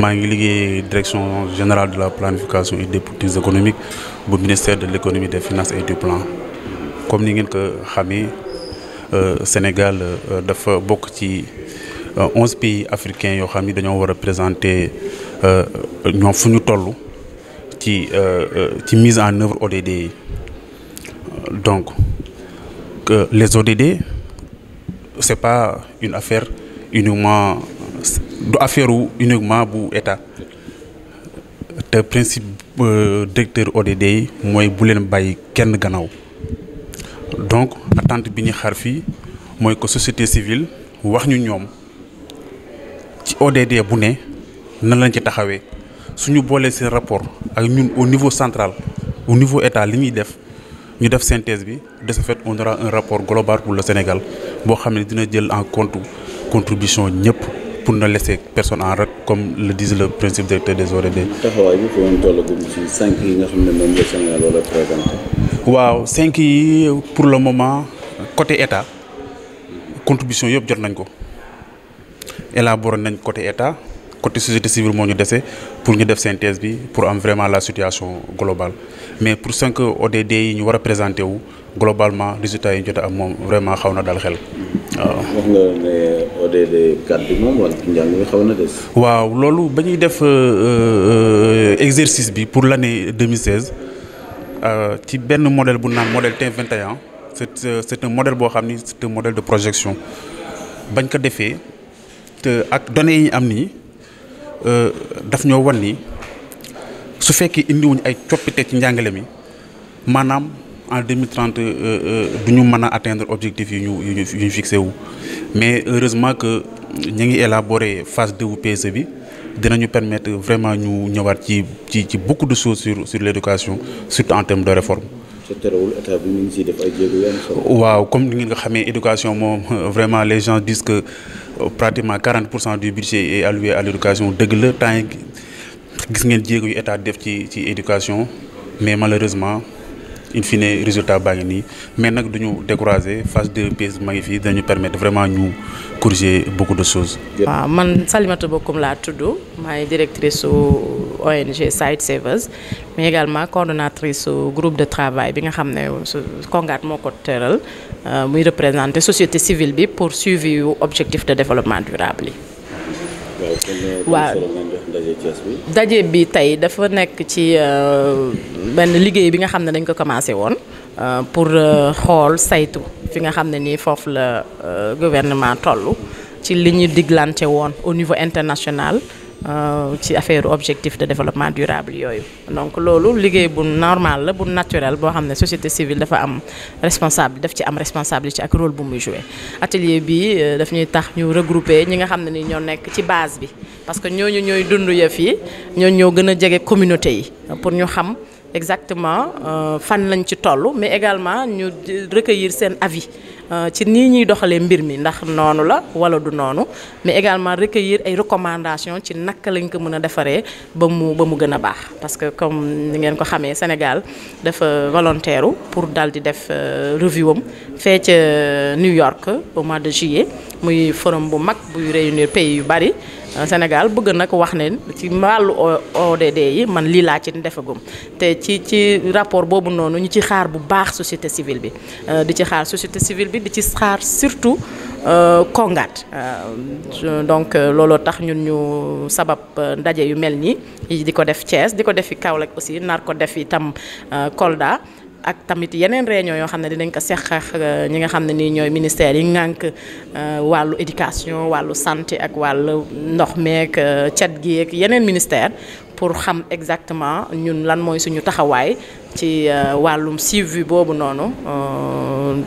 maa ngi liggéey direction générale de la planification et des politiques économiques bu ministère de l' économie des finances et du plan comme ni ngeen ko xamee euh, Sénégal euh, dafa bokk ci euh, onze pays africains yoo xam ni dañoo war a présenter ñoom fu ñu toll ci ci mise en œuvre ODD yi donc les ODD c' est pas une affaire uniquement du affaire uniquement bu état te principe euh, directeur ODD yi mooy bu leen bàyyi kenn gannaaw donc attente bi ñu xar fii mooy que société civile wax ñu ñoom ci ODD bu ne nan lañ ci taxawee suñu boolee seen rapport ak ñun au niveau central au niveau état li ñuy def ñu def synthèse bi de ce fait on aura un rapport global pour le Sénégal boo xam ne dina jël en compte contribution ñëpp. pour na laisser personne en rade comme le disent le principe directeur des ORD. taxawaay bi cinq xam ne waaw cinq yi pour le moment côté état contribution yëpp jot nañ ko élaboré nañ côté état côté société civile moo ñu dese pour ñu def synthèse bi pour am vraiment la situation globale mais pour cinq ODD yi ñu war a présenté wu globalement résultat yi ñu jot am moom vraiment xaw na daal xel. waaw wax na des. waaw loolu ba ñuy def euh, euh, exercice bi pour l' année 2016 ci benn modèle bu naan modèle T21 c' est c' est modèle boo xam ni c' est un modèle de projection bañ ko defee te ak données yi am nii euh, daf ñoo wan ni su fekkee indiwuñ ay coppite ci njàngale mi maanaam. en 2030 euh, euh, du ñu mën a attendre objectif yu ñu yu ñu yu fixé wu mais heureusement que ñu ngi élaborer phase 2 PSE bi dinañu permettre vraiment ñu ñëwaat ci ci ci beaucoup de choses sur sur l'éducation surtout en termes de réforme. waaw comme ni ngeen nga xamee éducation moom vraiment les gens disent que euh, pratiquement pour cent du budget est alloué à l'éducation dëgg la temps gis ngeen jéego yu état def ci ci éducation mais malheureusement. in fine résultat baa ngi nii mais nag duñu décourager phase de pièce ma ngi fii dañu permettre vraiment ñu corriger beaucoup de choses waaw man Salimata Bokoum laa tudd maay directrice su ONG Site Savers mais également coordonnatrice su groupe de travail bi nga xam ne Kongaat moo ko tëral euh, muy représenter société civile bi pour suivi yu objectif de développement durable yi euh, daje Thiès bi. tey dafa nekk ci euh, benn liggéey bi nga xam ne dañ ko commencé woon euh, pour euh, xool saytu fi nga xam ne nii foofu la gouvernement toll ci li ñu diglante woon au niveau international. Euh, ci affaire objectif de développement durable yooyu donc loolu liggéey bu normal la bu naturel boo xam ne société civile dafa am responsable daf ci am responsabilité ak rôle bu muy joué atelier bi euh, daf ñuy tax ñu regrouper ñi nga xam ne ni ñoo nekk ci base bi parce que ñooñu ñooy dund yëf yi ñooñu ñoo gën a jege communauté yi pour ñu xam exactement euh, fan lañ ci toll mais également ñu recueillir seen avis Euh, ci nii ñuy doxalee mbir mi ndax noonu la wala du noonu mais également recueillir ay recommandation ci naka lañ ko mën a defaree ba mu ba mu gën a baax parce que comme ni ngeen ko xamee Sénégal dafa volontaire pour dal di def euh, review am fee ca euh, New York au mois de juillet muy forum bu mag buy réunir pays yu bari. Euh, Sénégal bëgg nag wax ne ci wàllu ODD yi man lii laa ci defagum te ci ci rapport boobu noonu ñu ci xaar bu baax société civile bi euh, di ci xaar société civile bi di ci xaar surtout kongaat euh, donc looloo tax ñun ñu sabab ndaje yu mel nii di ko def Thiès di ko def fi Kaolack aussi nar ko def itam Kolda ak tamit yeneen réunion yoo xam ne dinañ ko seq ak euh, ñi nga xam ne nii ñooy ministères yi ngànk euh, wàllu éducation wàllu santé ak wàllu ndox meek euh, cet gi ak yeneen ministère pour xam exactement ñun lan mooy suñu taxawaay ci wàllum suivi boobu noonu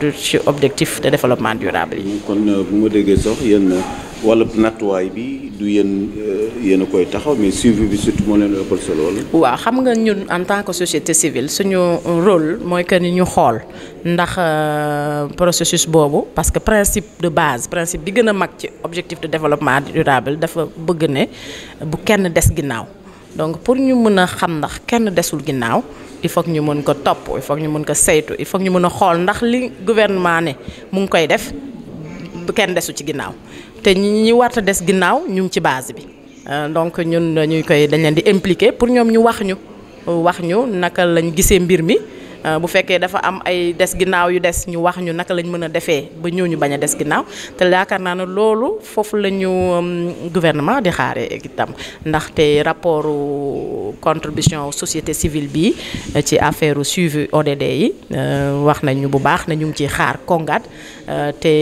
du ci objectif de développement durable yi. kon bu wala nattuwaay bi du yéen euh, yéen a koy taxaw mais suivi bi surtout moo leen ëppal solo loolu. waaw xam nga ñun en tant que société civile suñu rôle mooy que ni ñu xool ndax euh, processus boobu parce que principe de base principe bi gën a mag ci objectif de développement durable dafa bëgg ne bu kenn des ginnaaw donc pour ñu mën a xam ndax kenn desul ginnaaw. il faut ñu mën ko topp il faut ñu mën ko saytu il faut ñu mën a xool ndax li gouvernement ne mu ngi koy def kenn desul ci ginnaaw te ñi ñi warta des ginnaaw ñu ngi ci base bi euh, donc ñun ñuy koy dañ leen di impliqué pour ñoom ñu wax ñu wax ñu naka lañu gisee mbir mi Euh, bu fekkee dafa am ay des ginnaaw yu des ñu wax ñu naka lañ mën a defee ba ñooñu bañ a des ginnaaw te yaakaar naa ne loolu foofu la ñu gouvernement di xaare itam ndaxte rapportu contribution société civile bi euh, ci affaire suivi ODD yi euh, wax nañu bu baax ne ñu ngi ciy xaar kongaat te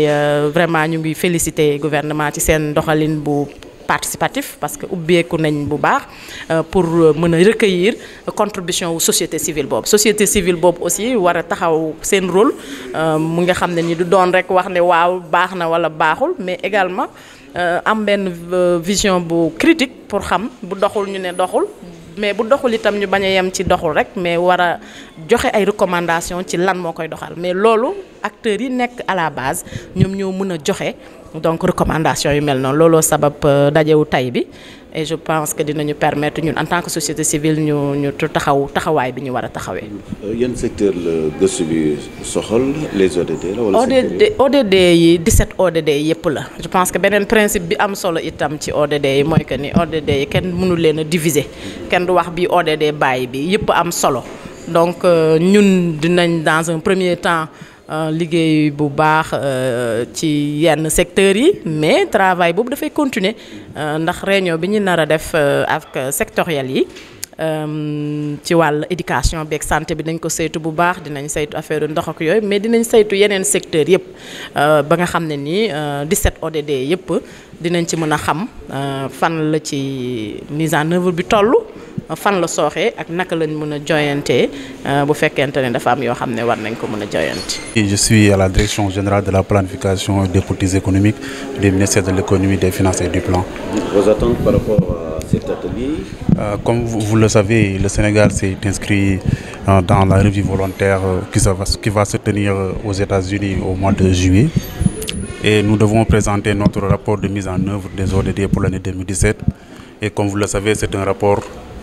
vraiment ñu ngi féliciter gouvernement ci seen doxalin bu participatif parce que ubbeeku nañ bu baax euh, pour euh, mën a recueillir contribution wu société civile boobu société civile boobu aussi war a taxaw seen rôle euh, mu nga xam ne ni du doon rek wax ne waaw baax na wala baaxul mais également am benn vision bu critique pour xam bu doxul ñu ne doxul mais bu doxul itam ñu bañ a yem ci doxul rek mais war a joxe ay recommandations ci lan moo koy doxal mais loolu acteurs yi nekk à la base ñoom ñoo mën a joxe donc recommandation yu mel noonu looloo sabab euh, dajewu tay bi e je pense que dinañu permettre ñun en tant que société civile ñu ñu taxaw taxawaay bi ñu war a taxawee. Euh, yan secteur la gëstu bi soxal les ODD la wala. ODD yi 17 yëpp la. je pense que beneen principe bi am solo itam ci ODD yi mooy que ni ODD yi kenn mënul leen a diviser kenn du wax bi ODD bàyyi bi yëpp am solo donc euh, ñun dinañ dans premier temps. Euh, liggéey bu baax euh, ci yenn secteurs yi mais travail boobu dafay continuer euh, ndax réunion bi ñu nar a def ak sectoriel yi ci wàll éducation beeg santé bi dañ ko saytu bu baax dinañ saytu affaire ndox ak yooyu mais dinañ saytu yeneen secteurs yëpp ba nga xam ne nii 17 ODD yëpp dinañ ci mën a xam fan la ci mise en œuvre bi toll. fan la sooxee ak naka lañ mën a joyantee euh, bu fekkente ne dafa am yoo xam ne war nañ ko mën a joyante je suis à la direction générale de la planification des politiques économiques du ministère de l'économie des finances et du plan. Vos attentes par rapport à cet atelier? Euh, comme vous, le savez, le Sénégal s'est inscrit euh, dans la revue volontaire euh, qui va, se tenir aux États-Unis au mois de juillet. Et nous devons présenter notre rapport de mise en œuvre des ODD Et comme vous le savez, c'est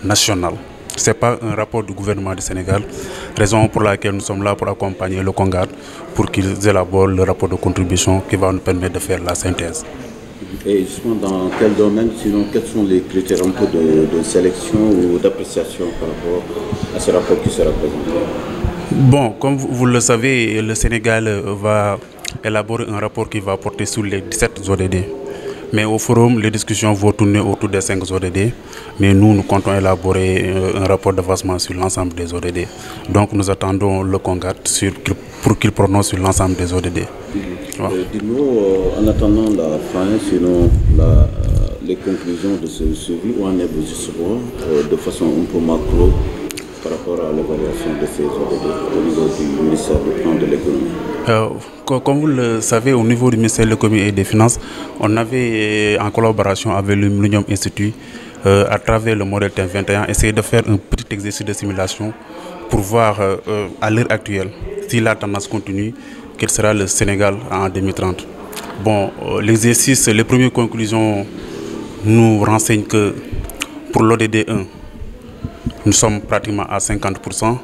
national Ce n'est pas un rapport du gouvernement du Sénégal, raison pour laquelle nous sommes là pour accompagner le Congar pour qu'ils élaborent le rapport de contribution qui va nous permettre de faire la synthèse. Et justement, dans quel domaine, sinon, quels sont les critères un peu de, de sélection ou d'appréciation par rapport à ce rapport qui sera présenté Bon, comme vous le savez, le Sénégal va élaborer un rapport qui va porter sur les 17 ODD. Mais au forum, les discussions vont tourner autour des cinq ODD, mais nous, nous comptons élaborer euh, un rapport d'avancement sur l'ensemble des ODD. Donc nous attendons le CONGAT sur, pour qu'il prononce sur l'ensemble des ODD. Euh, ouais. Euh, en attendant la fin, sinon les conclusions de ce suivi, on est besoin de façon un peu macro par rapport à l'évaluation de ces ODD au niveau de l'économie euh, Comme vous le savez, au niveau du ministère de l'économie et des finances, on avait, en collaboration avec le Millennium euh, à travers le modèle TEM21, essayé de faire un petit exercice de simulation pour voir euh, euh, à l'heure actuelle si la tendance continue, quel sera le Sénégal en 2030. Bon, l'exercice, les premières conclusions nous renseignent que pour l'ODD 1, nous sommes pratiquement à 50%.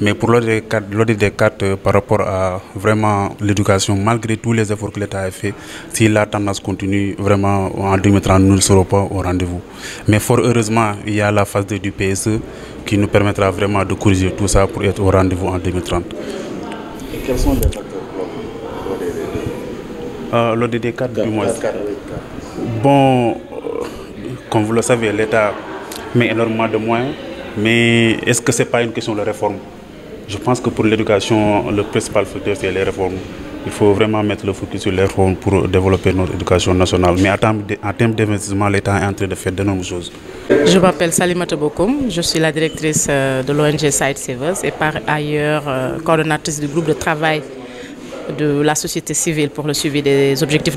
Mais pour l'ordre des cartes, des cartes euh, par rapport à vraiment l'éducation, malgré tous les efforts que l'État a fait, si la tendance continue, vraiment en 2030, nous ne serons pas au rendez-vous. Mais fort heureusement, il y a la phase 2 du PSE qui nous permettra vraiment de corriger tout ça pour être au rendez-vous en 2030. Et quels euh, du moins. Bon, euh, comme vous le savez, l'État met énormément de moyens Mais est-ce que ce n'est pas une question de réforme Je pense que pour l'éducation, le principal facteur, c'est les réformes. Il faut vraiment mettre le focus sur les réformes pour développer notre éducation nationale. Mais en termes d'investissement, l'État est en train de faire d'énormes choses. Je m'appelle Salimata Bokoum, je suis la directrice euh, de l'ONG Side Savers et par ailleurs euh, coordonnatrice du groupe de travail de la société civile pour le suivi des objectifs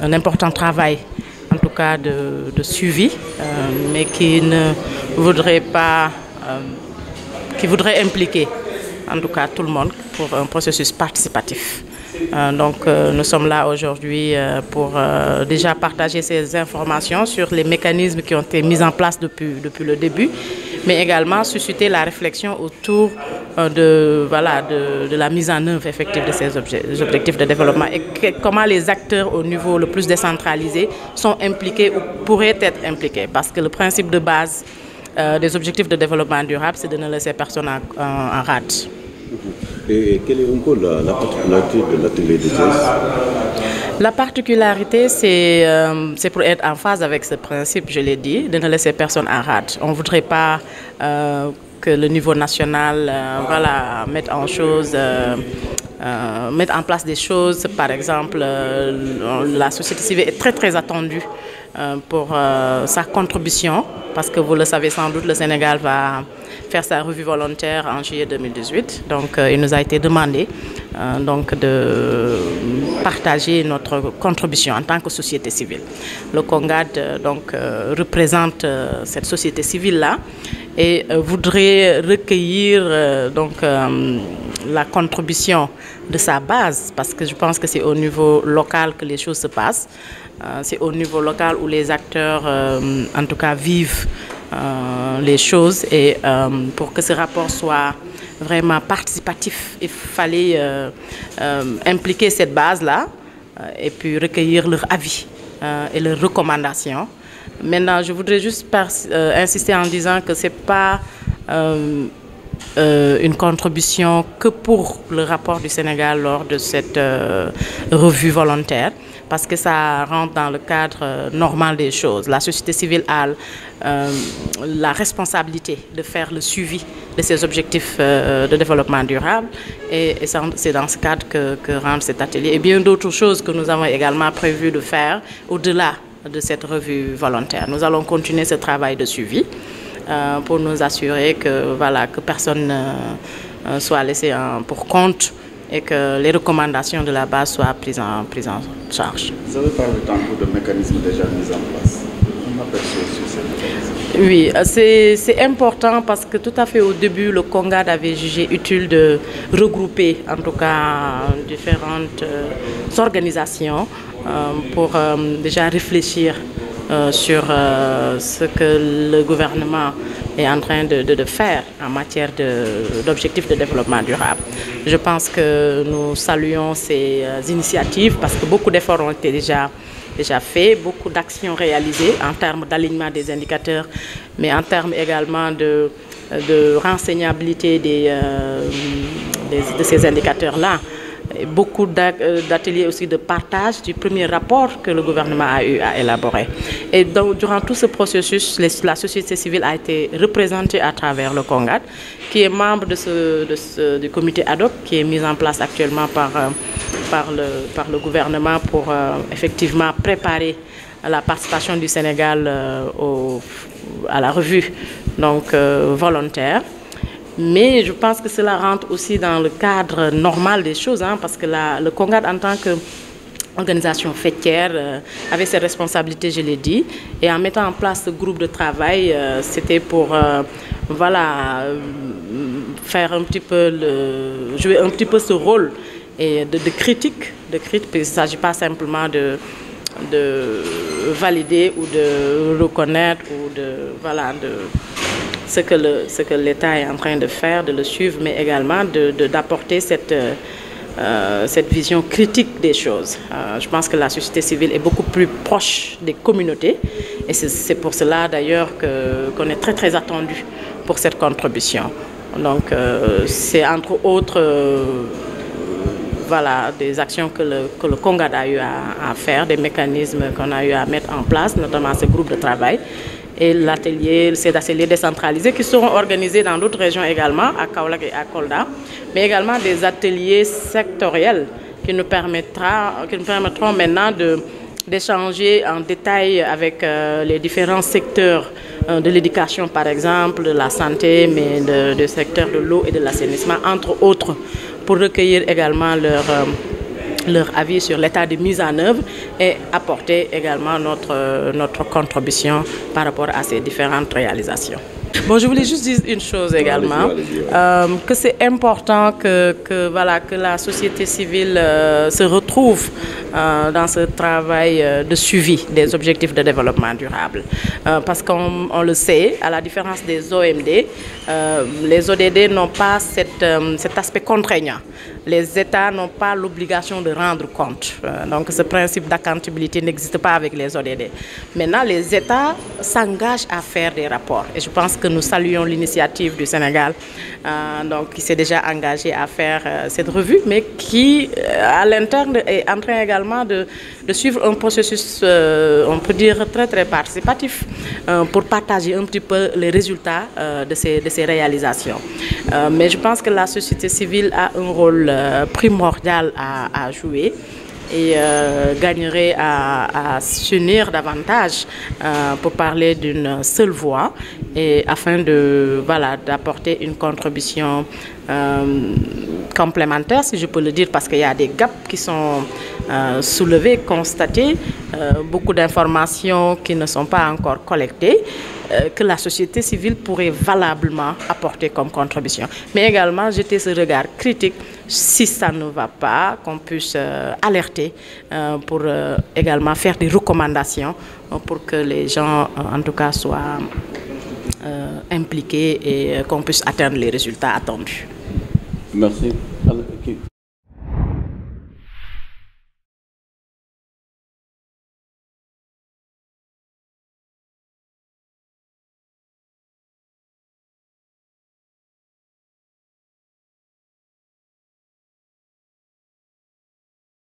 un important travail, en tout cas de, de suivi, euh, mais qui ne voudrait pas, euh, qui voudrait impliquer, en tout cas tout le monde, pour un processus participatif. Euh, donc euh, nous sommes là aujourd'hui euh, pour euh, déjà partager ces informations sur les mécanismes qui ont été mis en place depuis, depuis le début, mais également susciter la réflexion autour Euh, de, voilà, de, de, la mise en œuvre effective de ces objectifs de développement et que, comment les acteurs au niveau le plus décentralisé sont impliqués ou pourraient être impliqués. Parce que le principe de base euh, des objectifs de développement durable, c'est de ne laisser personne en, en, la, la particularité de l'atelier de geste La particularité, c'est euh, pour être en phase avec ce principe, je l'ai dit, de ne laisser personne en rate. On voudrait pas euh, que le niveau national euh, voilà, mette en chose euh, euh mettre en place des choses. Par exemple, euh, la société civile est très très attendue Euh, pour euh, sa contribution, parce que vous le savez le Sénégal va faire sa revue volontaire en juillet 2018. Donc euh, il nous donc de partager notre tant que société civile. Le donc, représente cette société civile-là et voudrait recueillir donc, la contribution de sa base, parce que je pense que c'est au niveau local que les Euh, c'est au niveau local où les acteurs, euh, en tout cas, vivent euh, les choses. Et pour que ce rapport soit vraiment participatif, il fallait impliquer cette base-là et puis recueillir leur avis et leurs recommandations. Maintenant, je voudrais juste par, euh, insister en disant que ce n'est pas euh, euh, une contribution que pour le rapport du Sénégal lors de cette revue volontaire. parce que ça rentre dans le cadre euh, normal des choses. La société civile a euh, la responsabilité de faire le suivi de ces objectifs euh, de développement durable et, et c'est dans ce cadre que, que rentre cet atelier. Et bien d'autres choses que nous avons également prévu de faire au-delà de cette revue volontaire. Nous allons continuer ce travail de suivi euh, pour nous assurer que, voilà, que personne ne euh, euh, soit laissé pour compte et que les recommandations de la base soient prises en, prises en charge. Vous avez parlé tantôt de mécanismes déjà mis en place. On appelle sur ces mécanismes. Oui, euh, c'est important parce que tout à fait au début, le Congad avait jugé utile de regrouper en tout cas différentes euh, organisations euh, pour euh, déjà réfléchir euh, sur euh, ce que le gouvernement est en train de, de, de faire en matière d'objectifs de, de, développement durable. Je pense que nous saluons ces euh, initiatives parce que beaucoup d'efforts ont été déjà déjà faits, beaucoup d'actions réalisées en termes d'alignement des indicateurs, mais en termes également de, de renseignabilité des, euh, des de ces indicateurs-là. Et beaucoup euh, d'ateliers aussi de partage du premier rapport que le gouvernement a eu à élaborer. Et donc, durant tout ce processus, les, la société civile a été représentée à travers le CONGAT, qui est membre de de ce, du comité ad hoc qui est mis en place actuellement par, euh, par, le, par le gouvernement pour euh, effectivement préparer la participation du Sénégal euh, à la revue donc, euh, volontaire. Mais je pense que cela rentre aussi dans le cadre normal des choses, hein, parce que la, le CONGAD en tant que organisation fêtière euh, avait ses responsabilités, je l'ai dit. Et en mettant en place ce groupe de travail, euh, c'était pour euh, voilà, euh, faire un petit peu le, jouer un petit peu ce rôle et de, de critique, de critique, parce qu'il ne s'agit pas simplement de, de valider ou de reconnaître ou de, voilà, de ce que le ce que l'État est en train de faire, de le suivre, mais également de d'apporter cette euh, euh, cette vision critique des choses. Euh, je pense que la société civile est beaucoup plus proche des communautés et c'est pour cela d'ailleurs que qu'on est très très attendu pour cette contribution. Donc euh, c'est entre autres euh, voilà des actions que le que le Congad a eu à, à faire, des mécanismes qu'on a eu à mettre en place, notamment ce groupe de travail. et l'atelier, ces ateliers décentralisés qui seront organisés dans d'autres régions également, à Kaolack et à Kolda, mais également des ateliers sectoriels qui nous, permettra, qui nous permettront maintenant d'échanger en détail avec euh, les différents secteurs euh, de l'éducation par exemple, de la santé, mais de, de secteur de l'eau et de l'assainissement, entre autres, pour recueillir également leurs... Euh, leur avis sur de mise en œuvre et également notre, euh, notre contribution par rapport à ces différentes réalisations. je voulais dire une chose également, euh, que c'est important que, que, voilà, que la société civile euh, se retrouve euh, dans ce travail euh, de suivi des objectifs de développement durable. Euh, parce qu'on le sait, à la différence des OMD, les ODD n'ont pas cette, cet aspect contraignant. les États n'ont pas l'obligation de rendre compte. Euh, donc ce principe d'accountabilité n'existe pas avec les ODD. Maintenant, les États s'engagent à faire des rapports. Et je pense que nous saluons l'initiative du Sénégal, euh, donc, qui s'est déjà engagé à faire euh, cette revue, mais qui, euh, à l'interne, est en train également de de suivre un processus euh, on peut dire très très participatif euh, pour partager un petit peu les résultats euh, de ces de ces réalisations euh, mais je pense que la société civile a un rôle euh, primordial à à jouer et euh, gagnerait à, à s'unir davantage euh, pour parler d'une seule voix et afin de voilà d'apporter une contribution euh, complémentaire si je peux le dire parce qu'il y a des gaps qui sont euh, soulevés constatés euh, beaucoup d'informations qui ne sont pas encore collectées euh, que la société civile pourrait valablement apporter comme contribution mais également jeter ce regard critique si ça ne va pas, qu'on puisse euh, alerter euh, pour euh, également faire des recommandations euh, pour que les gens, euh, en tout cas, soient euh, impliqués et qu'on puisse atteindre les résultats attendus. Merci.